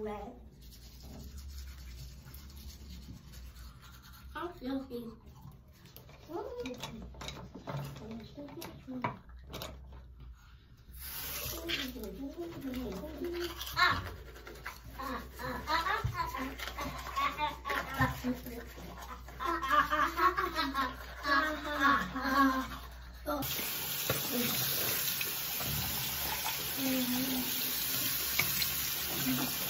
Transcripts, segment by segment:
red. I'm filthy. Ah! Ah, ah, ah, ah, ah, ah, ah, ah, Thank you.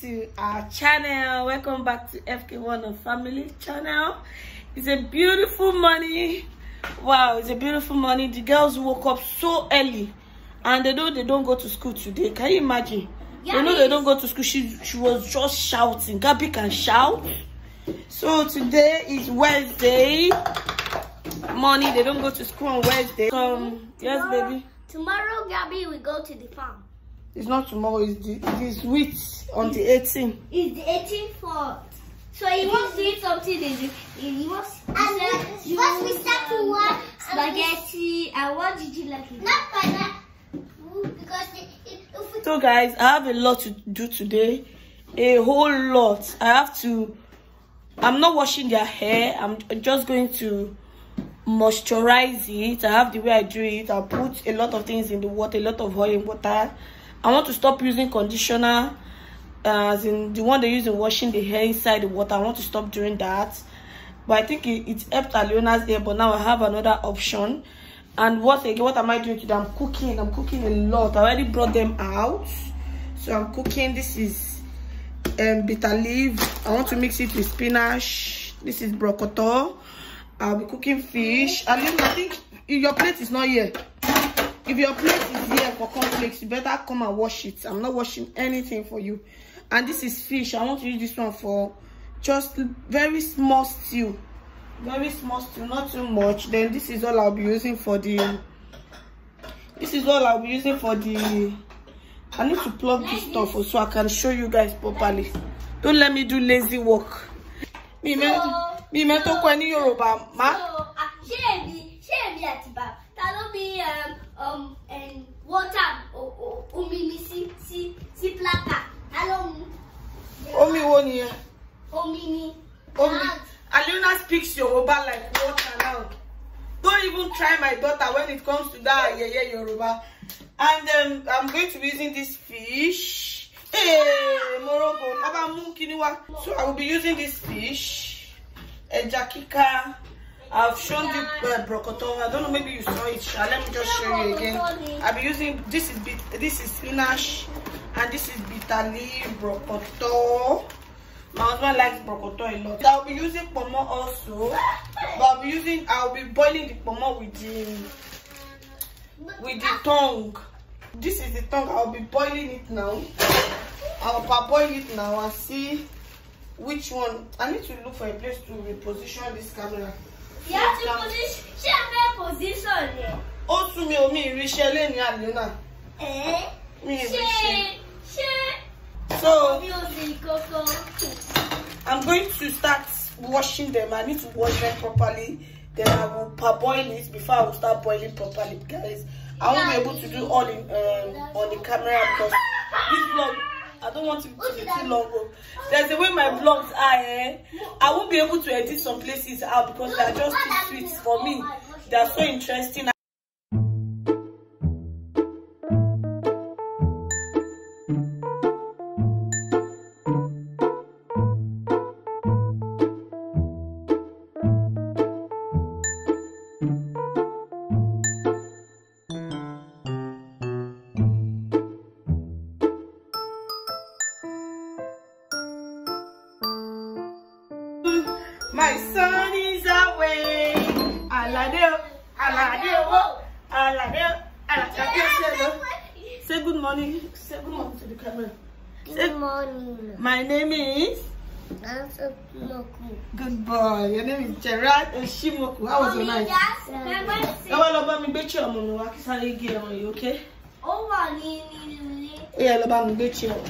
to our channel welcome back to fk1 of family channel it's a beautiful morning wow it's a beautiful morning the girls woke up so early and they know they don't go to school today can you imagine they know they don't go to school she she was just shouting gabby can shout so today is wednesday morning they don't go to school on wednesday come um, tomorrow, yes baby tomorrow gabby will go to the farm it's not tomorrow, it's, the, it's week on the 18th. It's the 18th for... So he wants to eat something, he, he wants... And first we start to work... Spaghetti, and what did you like? Not because... so guys, I have a lot to do today. A whole lot. I have to... I'm not washing their hair. I'm just going to moisturize it. I have the way I do it. I put a lot of things in the water, a lot of oil water. I want to stop using conditioner as in the one they use in washing the hair inside the water. I want to stop doing that. But I think it, it helped Aliona's hair, but now I have another option. And what again, what am I doing today? I'm cooking. I'm cooking a lot. I already brought them out. So I'm cooking. This is um, bitter leaf. I want to mix it with spinach. This is broccoli. I'll be cooking fish. Aliona, I think your plate is not here. if your plate is here for complex, you better come and wash it i'm not washing anything for you and this is fish i want to use this one for just very small stew very small stew not too much then this is all i'll be using for the this is all i'll be using for the i need to plug this stuff so i can show you guys properly don't let me do lazy work mi mẹ tó kọ ẹ ní yorùbá má. Ah, ṣé èmi ṣé èmi àti bàbá um, um, water omi mi sí sí sí plaka ta ló mu. omi wo nìyẹn. omi ni. omi Aliuna speaks Yoruba like water now don't even try my daughter when it comes to that yeye Yoruba and um, I'm going to be using this fish. Hey, Morogo, Naba Mukiniwa. So I will be using this fish. Ẹja kíká. I've shown you uh, I don't know, maybe you saw it. Let me just show you again. I'll be using this is bit this is spinach and this is bitali leaf My husband likes brocoto a lot. I'll be using pomo also, but I'll be using I'll be boiling the pomo with the with the tongue. This is the tongue. I'll be boiling it now. I'll parboil it now and see which one. I need to look for a place to reposition this camera. Ìyá ti mú ní ṣé ẹ fẹ́ pòsíṣàn ni? Ó tún mi omi ìríṣẹ́ lẹ́ni Àlínà. Ẹ́ ṣé ṣé so I'm going to start washing them. I need to wash them properly. Then I will parboil it before I will start boiling properly, guys. I won't be able to do all in um, on the camera because this vlog I don't want to put it too long. There's the way my vlogs are, eh? I won't be able to edit some places out because they are just too sweet for me. They are so interesting. My son is away. Aladeo, Aladeo, Aladeo, Aladeo. Say good morning. Say good morning to the camera. good morning. My name is? Ansimoku. Good boy. Your name is Gerard Oshimoku. How was your night? Ẹ wá lọ bá mi gbé chair ọmọ mi wá kí sáré gé ọmọ yìí, okay? Ó wà ní ilé. Ó yẹ lọ bá mi gbé chair ọmọ.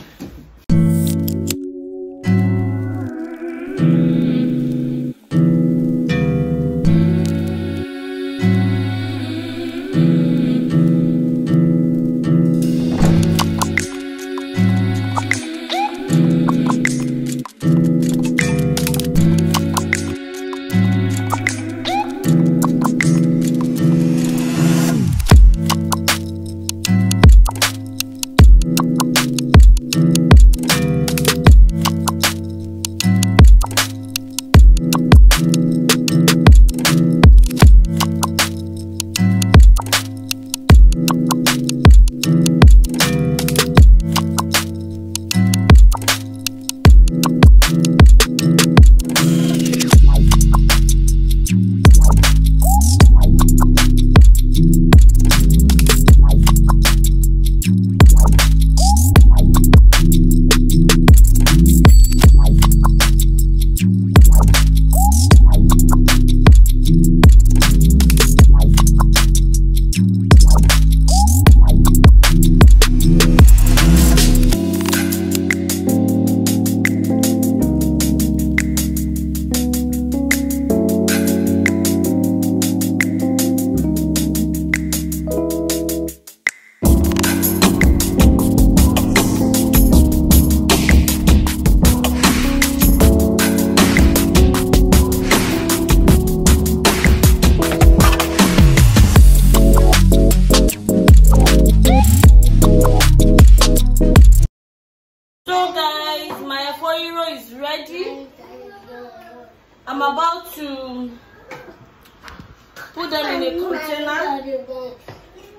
container.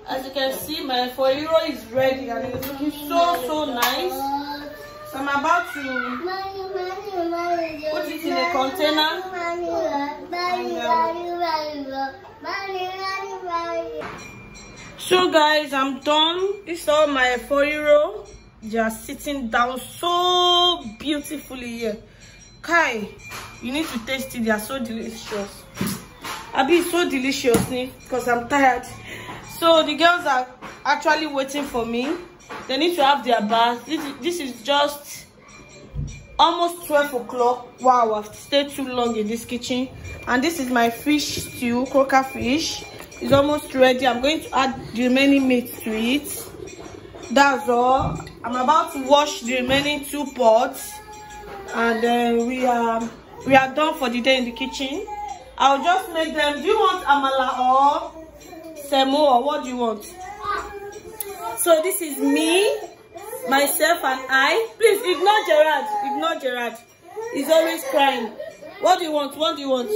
As you can see, my for euro is ready and it's looking so, so nice. So I'm about to put it in a container. so guys, I'm done. This all my four euro. They are sitting down so beautifully here. Kai, you need to taste it. They are so delicious. Abi, it's so delicious, because I'm tired. So the girls are actually waiting for me. They need to have their bath. This this is just almost 12 o'clock. Wow, I've stayed too long in this kitchen. And this is my fish stew, croaker fish. It's almost ready. I'm going to add the remaining meat to it. That's all. I'm about to wash the remaining two pots. And then we are, we are done for the day in the kitchen. I'll just make them. Do you want amala or semo or what do you want? So this is me, myself and I. Please ignore Gerard. Ignore Gerard. He's always crying. What do you want? What do you want?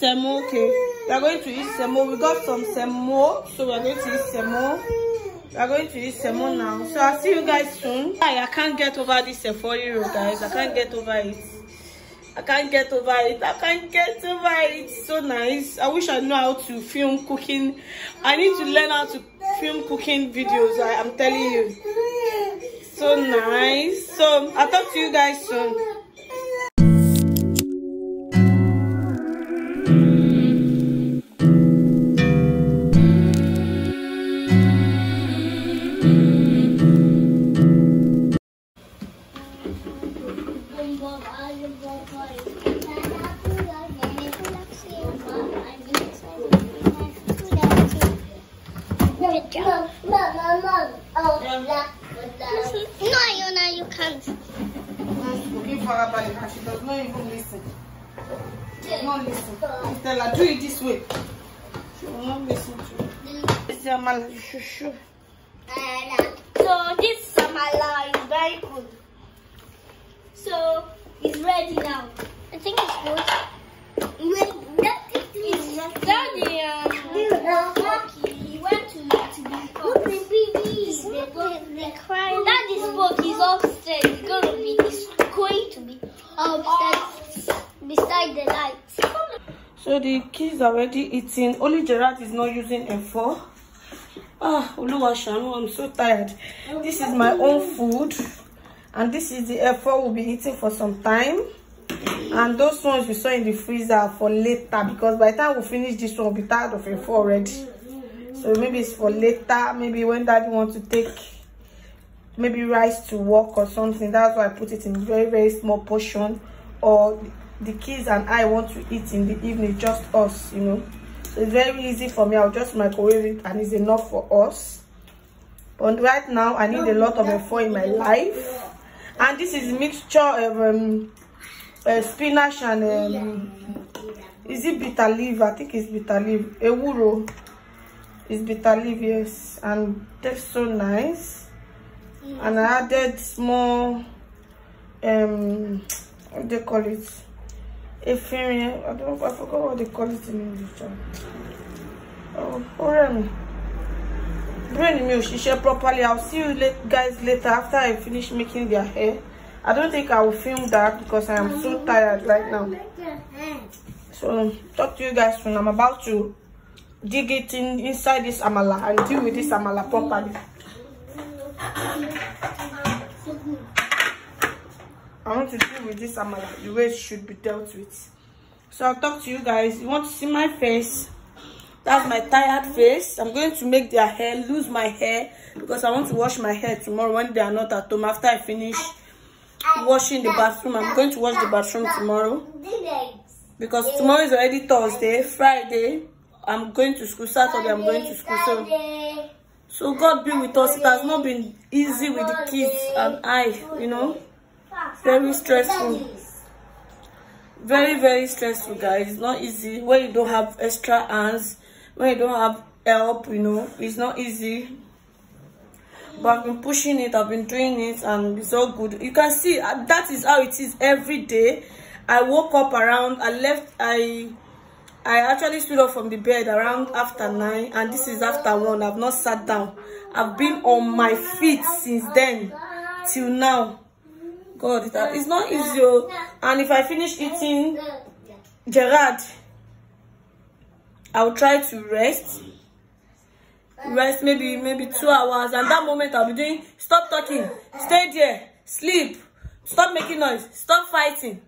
Semo, okay. We are going to eat semo. We got some semo, so we are going to eat semo. We are going to eat semo now. So I'll see you guys soon. I, I can't get over this Sephora, guys. I can't get over it. I can't get over it. I can't get over it. It's so nice. I wish I knew how to film cooking. I need to learn how to film cooking videos. I, I'm telling you. So nice. So I'll talk to you guys soon. already eating. Only Gerard is not using a fork. Ah, shano. I'm so tired. This is my own food. And this is the F4 we'll be eating for some time. And those ones we saw in the freezer for later. Because by the time we finish this one, we'll be tired of F4 already. So maybe it's for later. Maybe when daddy wants to take maybe rice to work or something. That's why I put it in very, very small portion. Or the kids and I want to eat in the evening, just us, you know. So it's very easy for me. I'll just microwave it and it's enough for us. But right now, I need a lot of effort in my life. And this is mixture of um, uh, spinach and... Um, is it bitter leaf? I think it's bitter leaf. Ewuro. It's bitter leaf, yes. And that's so nice. And I added small... Um, what do they call it? A efinrin I don't I forgot what they call it in English Oh, rẹ̀ mí brain mi ò ṣiṣẹ́ properly I'll see you late, guys later after I finish making their hair I don't think I will film that because I am so tired right now so talk to you guys soon I'm about to dig it in inside this amala and deal with this amala properly. I want to deal with this amala the way it should be dealt with. So I'll talk to you guys. You want to see my face? That's my tired face. I'm going to make their hair, lose my hair because I want to wash my hair tomorrow when they are not at home. After I finish washing the bathroom, I'm going to wash the bathroom tomorrow because tomorrow is already Thursday, Friday. I'm going to school, Saturday I'm going to school. So, so God be with us. It has not been easy with the kids and I, you know very stressful very very stressful guys it's not easy when you don't have extra hands when you don't have help you know it's not easy but i've been pushing it i've been doing it and it's all good you can see uh, that is how it is every day i woke up around i left i i actually stood up from the bed around after nine and this is after one i've not sat down i've been on my feet since then till now God, that it's not easy. Oh. And if I finish eating Gerard, I'll try to rest. Rest maybe maybe two hours. And that moment I'll be doing stop talking, stay there, sleep, stop making noise, stop fighting.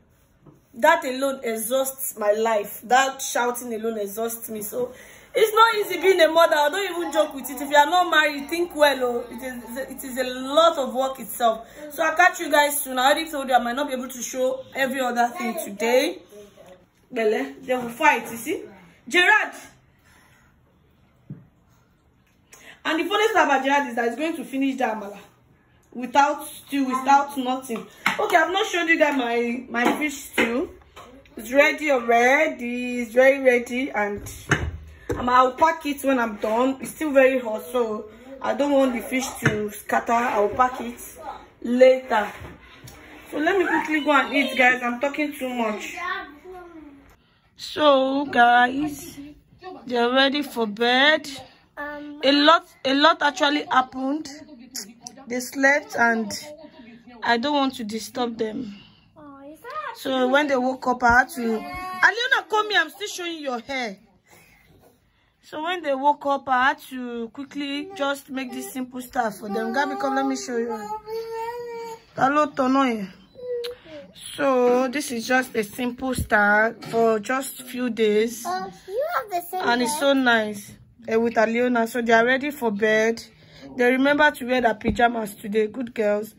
That alone exhausts my life. That shouting alone exhausts me. So it's not easy being a mother i don't even joke with it if you are not married think well oh it is it is a lot of work itself so i'll catch you guys soon i already told you i might not be able to show every other thing today belle they will fight you see gerard and the funniest about gerard is that he's going to finish that amala without stew without nothing okay i've not showed you guys my my fish stew it's ready already it's very ready and um, i'll pack it when i'm done it's still very hot so i don't want the fish to scatter i'll pack it later so let me quickly go and eat guys i'm talking too much so guys they're ready for bed a lot a lot actually happened they slept and i don't want to disturb them so when they woke up i had to aliona come here i'm still showing your hair so when they woke up, I had to quickly just make this simple stuff for them. Gabi, come, let me show you. Hello, Tonoye. So this is just a simple start for just few days. Uh, you have the same And it's so nice uh, with Aliona. So they are ready for bed. They remember to wear their pajamas today. Good girls.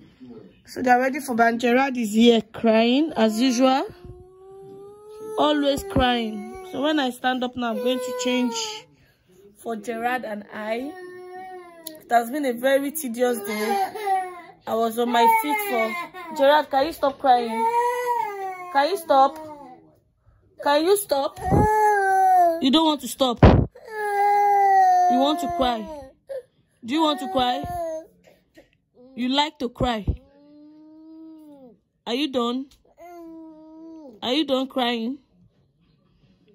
So they are ready for bed. Gerard is here crying as usual. Always crying. So when I stand up now, I'm going to change for Gerard and I. It has been a very tedious day. I was on my feet for... Gerard, can you stop crying? Can you stop? Can you stop? You don't want to stop. You want to cry. Do you want to cry? You like to cry. Are you done? Are you done crying?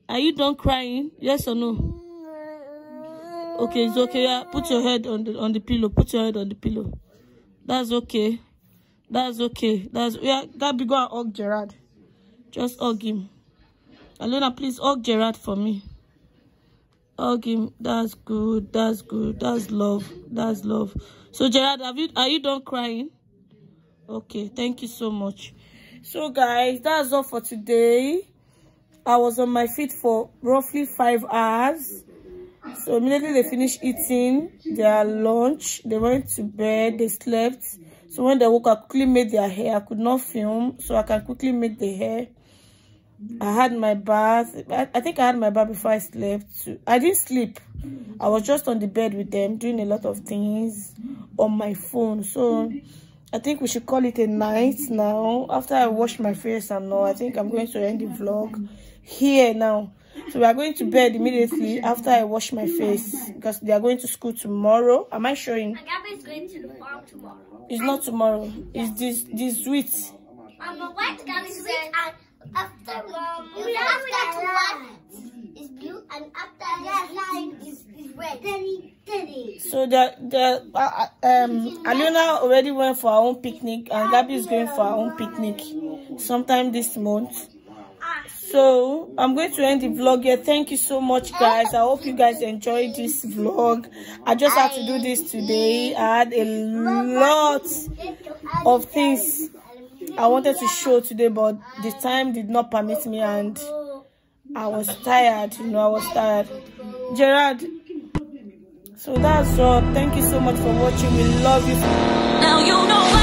Are you done crying? Yes or no? Okay, it's okay. Yeah, put your head on the on the pillow. Put your head on the pillow. That's okay. That's okay. That's yeah. Gabby, go and hug Gerard. Just hug him. Alona, please hug Gerard for me. Hug him. That's good. That's good. That's love. That's love. So Gerard, have you are you done crying? Okay, thank you so much. So guys, that's all for today. I was on my feet for roughly five hours. So immediately they finished eating their lunch, they went to bed, they slept. So when they woke up, quickly made their hair. I could not film, so I can quickly make the hair. I had my bath. I, think I had my bath before I slept. Too. I didn't sleep. I was just on the bed with them doing a lot of things on my phone. So I think we should call it a night now. After I wash my face and all, I think I'm going to end the vlog here now so we are going to bed immediately after I wash my face because they are going to school tomorrow. Am I showing? Agape is going to farm tomorrow. It's not tomorrow. It's this this week. Um, but is Gabi and uh, after um, we after one is blue and after that line is, is red. Daddy, daddy. So the the uh, uh, um Aluna already went for her own picnic and Gabby is going for her own picnic sometime this month so i'm going to end the vlog here thank you so much guys i hope you guys enjoyed this vlog i just had to do this today i had a lot of things i wanted to show today but the time did not permit me and i was tired you know i was tired gerard so that's all thank you so much for watching we love you now you know